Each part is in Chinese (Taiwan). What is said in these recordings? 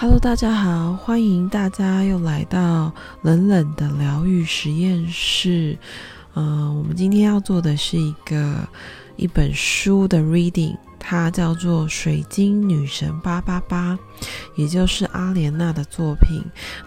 哈嘍，Hello, 大家好，歡迎大家又來到冷冷的療癒實驗室。嗯、呃，我們今天要做的是一個一本書的 reading，它叫做《水晶女神888》，也就是阿蓮娜的作品。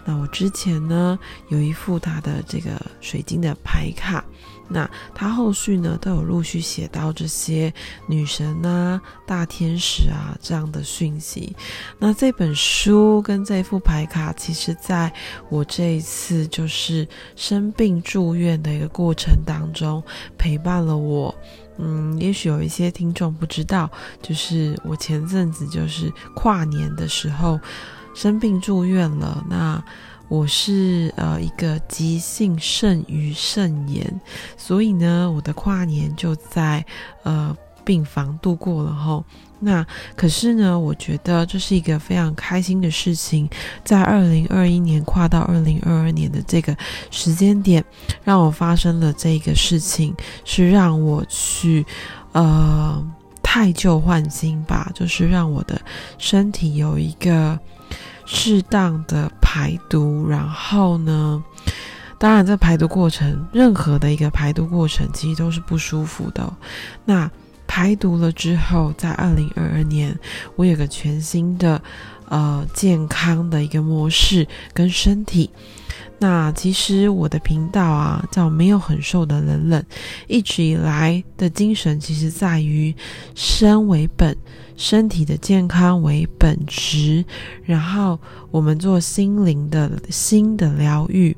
那我之前呢有一副她的這個水晶的牌卡。那他後續呢都有陸續寫到這些女神啊、大天使啊這樣的訊息。那這本書跟這副牌卡，其實在我這一次就是生病住院的一個過程當中，陪伴了我。嗯，也許有一些聽眾不知道，就是我前陣子就是跨年的時候生病住院了。那我是呃一個急性腎盂腎炎，所以呢，我的跨年就在呃病房度過了哈。那可是呢，我覺得這是一個非常開心的事情，在二零二一年跨到二零二二年的這個時間點，讓我發生了這個事情，是讓我去呃汰舊換新吧，就是讓我的身體有一個適當的排毒，然後呢，當然，在排毒過程，任何的一個排毒過程，其實都是不舒服的哦。那。排毒了之後，在二零二二年，我有個全新的，呃，健康的一個模式跟身體。那其實我的頻道啊，叫沒有很瘦的冷冷，一直以來的精神其實在於，身為本，身體的健康為本質，然後我們做心靈的、新的療癒。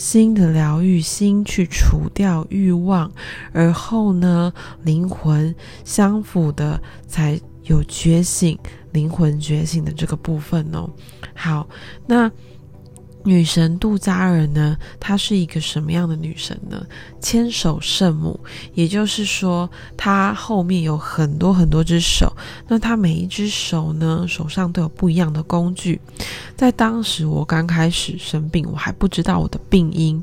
心的療癒，心去除掉慾望，而後呢，靈魂相符的才有覺醒，靈魂覺醒的這個部分哦。好，那。女神杜爾迦呢？她是一個什麼樣的女神呢？千手聖母，也就是說，她後面有很多很多只手，那她每一只手呢，手上都有不一樣的工具。在當時我剛開始生病，我還不知道我的病因，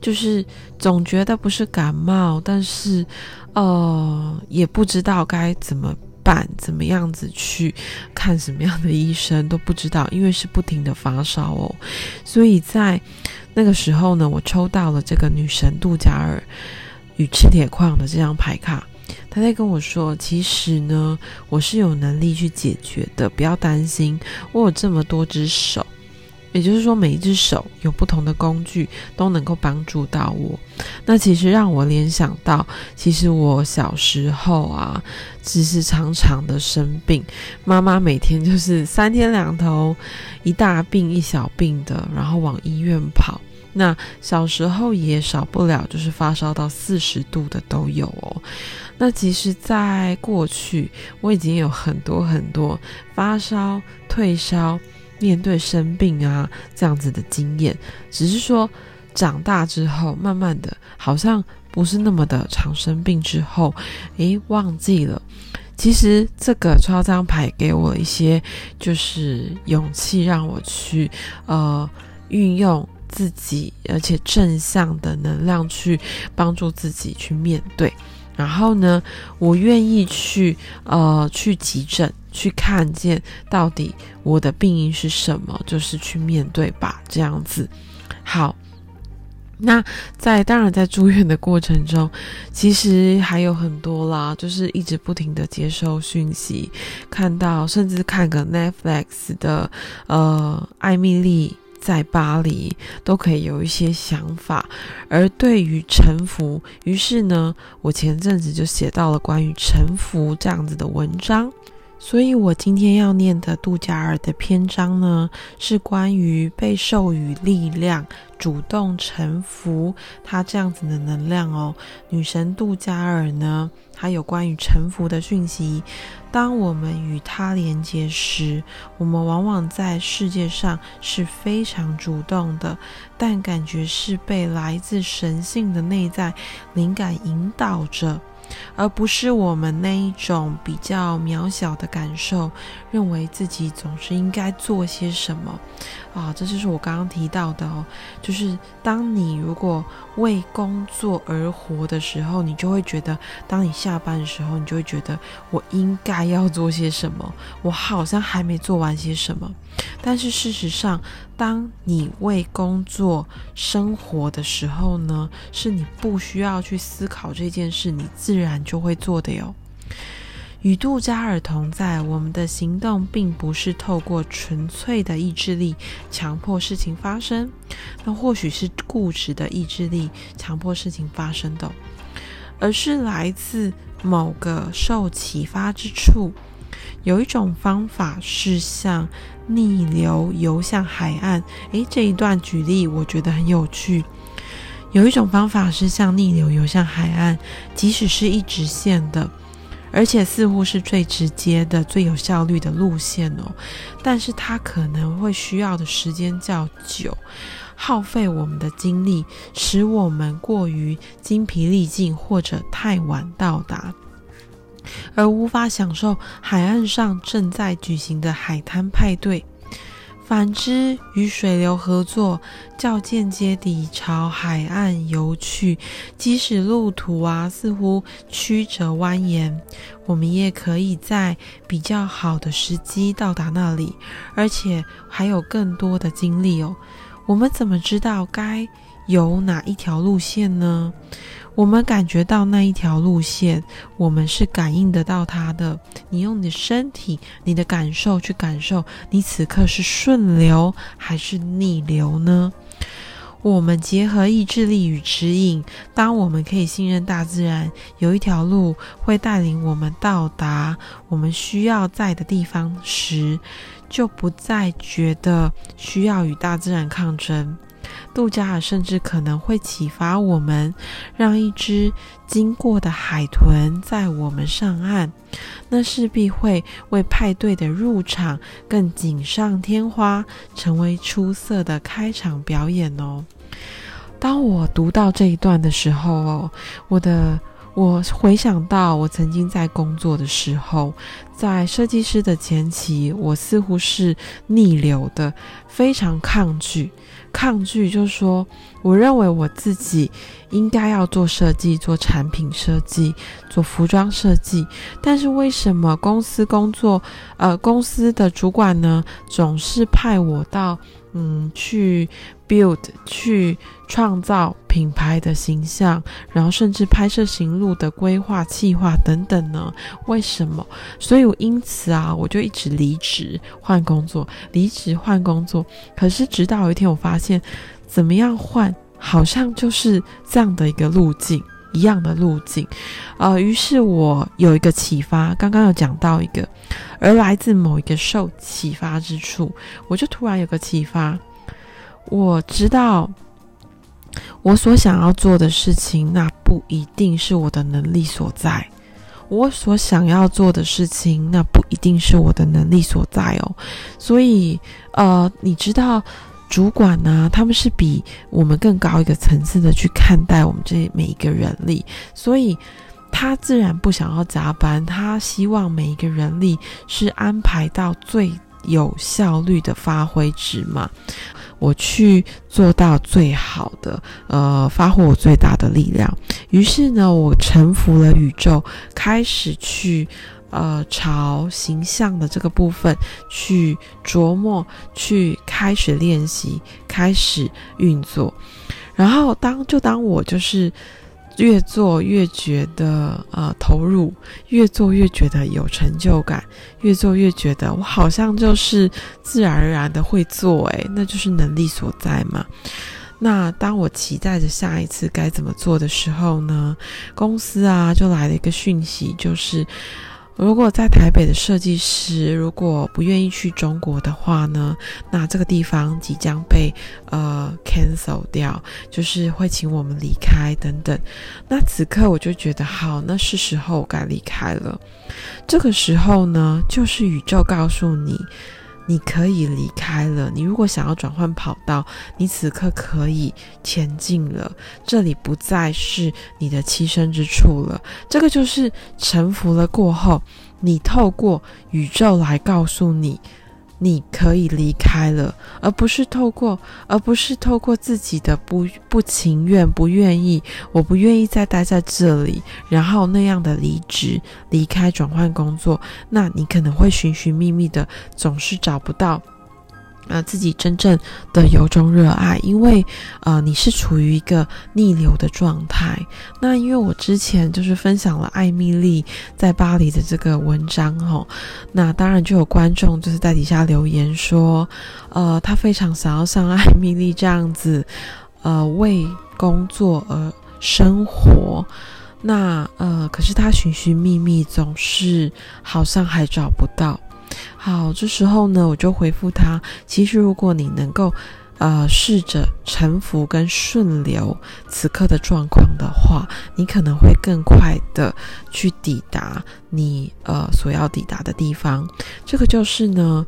就是總覺得不是感冒，但是，呃，也不知道該怎麼。怎麼樣子去看什麼樣的醫生都不知道，因為是不停的發燒哦，所以在那個時候呢，我抽到了這個女神杜爾迦與赤鐵礦的這張牌卡，她在跟我說，其實呢，我是有能力去解決的，不要擔心，我有這麼多隻手。也就是說，每一隻手有不同的工具都能夠幫助到我。那其實讓我聯想到，其實我小時候啊，只是常常的生病，媽媽每天就是三天兩頭一大病一小病的，然後往醫院跑。那小時候也少不了就是發燒到四十度的都有哦。那其實，在過去我已經有很多很多發燒退燒。面對生病，啊，這樣子的經驗，只是說長大之後，慢慢的，好像不是那麼的常生病之後，哎，忘記了。其實這個抽這張牌給我一些就是勇氣，讓我去呃運用自己，而且正向的能量去幫助自己去面對。然後呢，我願意去呃去急診。去看見到底我的病因是什麼，就是去面對吧，這樣子。好，那在當然在住院的過程中，其實還有很多啦，就是一直不停地接收訊息，看到甚至看個 Netflix 的呃《艾米麗在巴黎》，都可以有一些想法。而對於臣服，於是呢，我前陣子就寫到了關於臣服這樣子的文章。所以我今天要念的杜爾迦的篇章呢，是關於被授予力量、主動臣服，她這樣子的能量哦。女神杜爾迦呢，還有關於臣服的訊息。當我們與她連接時，我們往往在世界上是非常主動的，但感覺是被來自神性的內在靈感引導着。而不是我們那一種比較渺小的感受，認為自己總是應該做些什麼。啊、哦，這就是我剛剛提到的哦，就是當你如果為工作而活的時候，你就會覺得，當你下班的時候，你就會覺得我應該要做些什麼，我好像還沒做完些什麼。但是事實上，當你為工作生活的時候呢，是你不需要去思考這件事，你自然就會做的喲。與杜爾迦同在，我們的行動並不是透過純粹的意志力強迫事情發生，那或許是固執的意志力強迫事情發生的，而是來自某個受啟發之處。有一種方法是向逆流游向海岸，誒，這一段舉例我覺得很有趣。有一種方法是向逆流游向海岸，即使是一直線的。而且似乎是最直接的，最有效率的路線哦，但是它可能會需要的時間較久，耗費我們的精力，使我們過於精疲力盡，或者太晚到達，而無法享受海岸上正在舉行的海灘派對。反之，與水流合作，較間接地朝海岸游去，即使路途啊似乎曲折蜿蜒，我們也可以在比較好的時機到達那裡，而且還有更多的精力哦。我們怎麼知道該？有哪一條路線呢？我們感覺到那一條路線，我們是感應得到它的。你用你的身體、你的感受去感受，你此刻是順流還是逆流呢？我們結合意志力與指引，當我們可以信任大自然，有一條路會帶領我們到達我們需要在的地方時，就不再覺得需要與大自然抗爭。杜爾迦甚至可能會啟發我們，讓一隻經過的海豚載我們上岸，那勢必會為派對的入場更錦上添花，成為出色的開場表演哦。當我讀到這一段的時候哦，我的。我回想到我曾經在工作的時候，在設計師的前期，我似乎是逆流的，非常抗拒。抗拒就是說，我認為我自己應該要做設計，做產品設計，做服裝設計。但是為什麼公司工作，呃，公司的主管呢，總是派我到嗯，去 build，去創造品牌的形象，然後甚至拍攝行路的規劃、計劃等等呢？為什麼？所以，我因此啊，我就一直離職換工作，離職換工作。可是，直到有一天，我發現，怎麼樣換，好像就是這樣的一個路徑。一樣的路徑，呃，於是我有一個啟發，剛剛有講到一個，而來自某一個受啟發之處，我就突然有個啟發，我知道我所想要做的事情，那不一定是我的能力所在，我所想要做的事情，那不一定是我的能力所在哦，所以，呃，你知道。主管呢，他們是比我們更高一個層次的去看待我們這每一個人力，所以，他自然不想要加班，他希望每一個人力是安排到最有效率的發揮值嘛。我去做到最好的，呃，發揮我最大的力量。於是呢，我臣服了宇宙，開始去。呃，朝形象的這個部分去琢磨，去開始練習，開始運作。然後當就當我就是越做越覺得呃投入，越做越覺得有成就感，越做越覺得我好像就是自然而然的會做、欸，誒，那就是能力所在嘛。那當我期待着下一次該怎麼做的時候呢，公司啊就來了一個訊息，就是。如果在台北的設計師如果不願意去中國的話呢，那這個地方即將被呃 cancel 掉，就是會請我們離開等等。那此刻我就覺得好，那是時候該離開了。這個時候呢，就是宇宙告訴你。你可以離開了。你如果想要轉換跑道，你此刻可以前進了。這裡不再是你的棲身之處了。這個就是臣服了過後，你透過宇宙來告訴你。你可以離開了，而不是透過，而不是透過自己的不，不情願，不願意，我不願意再待在這裡，然後那樣的離職、離開、轉換工作，那你可能會尋尋覓覓的，總是找不到。那、呃、自己真正的由衷熱愛，因為呃，你是處於一個逆流的狀態。那因為我之前就是分享了艾蜜莉在巴黎的這個文章哈、哦，那當然就有觀眾就是在底下留言說，呃，他非常想要像艾蜜莉這樣子，呃，為工作而生活。那呃，可是他尋尋覓覓，總是好像還找不到。好，這時候呢，我就回復他。其實，如果你能夠，呃，試着臣服跟順流此刻的狀況的話，你可能會更快的去抵達你呃所要抵達的地方。這個就是呢。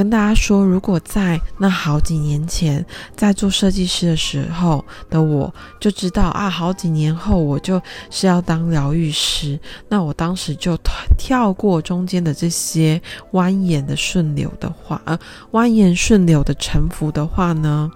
跟大家說，如果在那好幾年前，在做設計師的時候的我，就知道啊，好幾年後我就是要當療癒師。那我當時就跳過中間的這些蜿蜒的順流的話，呃，蜿蜒順流的沉浮的話呢，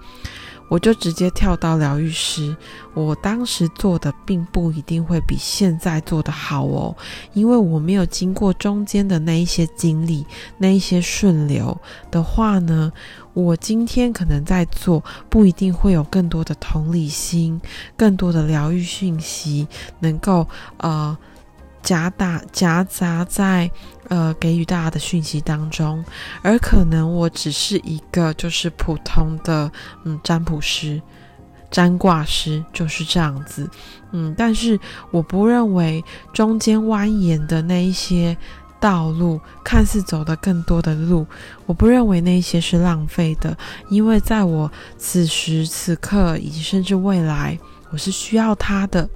我就直接跳到療癒師，我當時做的並不一定會比現在做得好哦，因為我沒有經過中間的那一些經歷，那一些順流的話呢，我今天可能在做，不一定會有更多的同理心，更多的療癒訊息，能夠呃。夾打夾雜在呃給予大家的訊息當中，而可能我只是一個就是普通的嗯占卜師、占卦師就是這樣子，嗯，但是我不認為中間蜿蜒的那一些道路看似走的更多的路，我不認為那些是浪費的，因為在我此時此刻以及甚至未來，我是需要它的。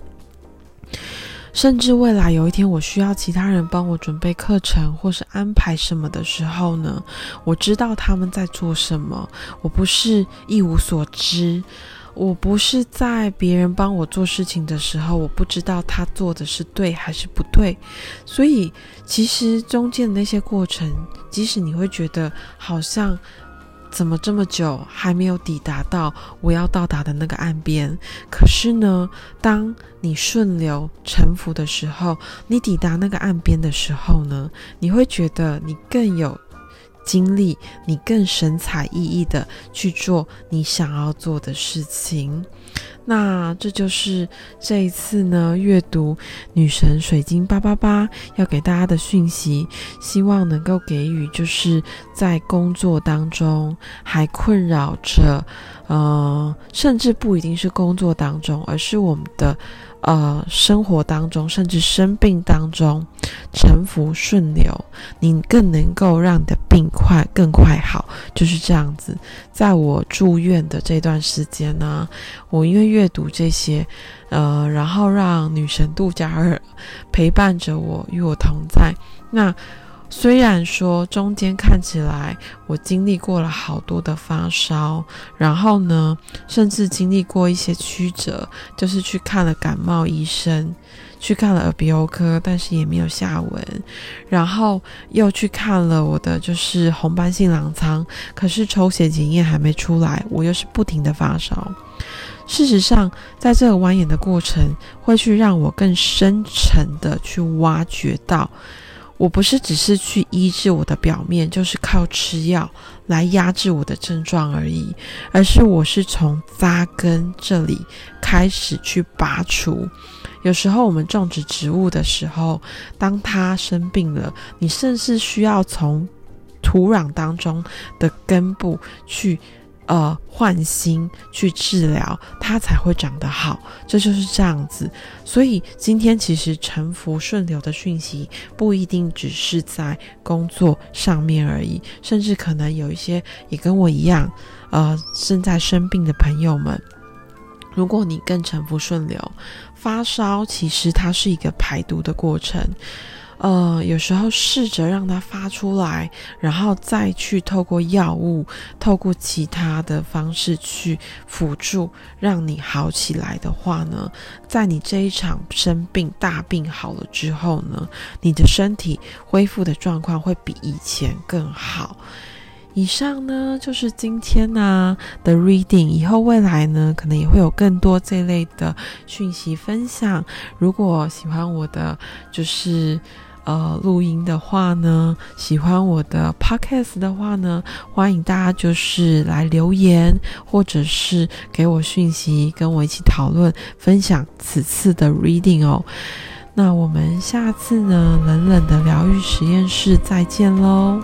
甚至未來有一天，我需要其他人幫我準備課程或是安排什麼的時候呢，我知道他們在做什麼，我不是一無所知，我不是在別人幫我做事情的時候，我不知道他做的是對還是不對。所以，其實中間的那些過程，即使你會覺得好像。怎麼這麼久還沒有抵達到我要到達的那個岸邊？可是呢，當你順流臣服的時候，你抵達那個岸邊的時候呢，你會覺得你更有。經歷，你更神采奕奕的去做你想要做的事情。那這就是這一次呢，閱讀女神水晶八八八要給大家的訊息，希望能夠給予，就是在工作當中還困擾着，呃，甚至不一定是工作當中，而是我們的。呃，生活當中，甚至生病當中，臣服順流，你更能夠讓你的病快更快好，就是這樣子。在我住院的這段時間呢，我因為閱讀這些，呃，然後讓女神杜爾迦陪伴着我，與我同在。那。雖然說中間看起來我經歷過了好多的發燒，然後呢，甚至經歷過一些曲折，就是去看了感冒醫生，去看了耳鼻喉科，但是也沒有下文。然後又去看了我的，就是紅斑性狼瘡，可是抽血檢驗還沒出來，我又是不停的發燒。事實上，在這個蜿蜒的過程，會去讓我更深沉的去挖掘到。我不是只是去醫治我的表面，就是靠吃藥來壓制我的症狀而已，而是我是從扎根這裡開始去拔除。有時候我們種植植物的時候，當它生病了，你甚至需要從土壤當中的根部去。呃，換心去治療，它才會長得好，這就是這樣子。所以今天其實臣服順流的訊息不一定只是在工作上面而已，甚至可能有一些也跟我一樣，呃，正在生病的朋友們，如果你更臣服順流，發燒其實它是一個排毒的過程。呃，有時候試着讓它發出來，然後再去透過藥物、透過其他的方式去輔助，讓你好起來的話呢，在你這一場生病大病好了之後呢，你的身體恢復的狀況會比以前更好。以上呢就是今天啊的 reading，以後未來呢可能也會有更多這類的訊息分享。如果喜歡我的，就是。呃，錄音的話呢，喜歡我的 podcast 的話呢，歡迎大家就是來留言，或者是給我訊息，跟我一起討論、分享此次的 reading 哦。那我們下次呢，冷冷的療癒實驗室再見嘍。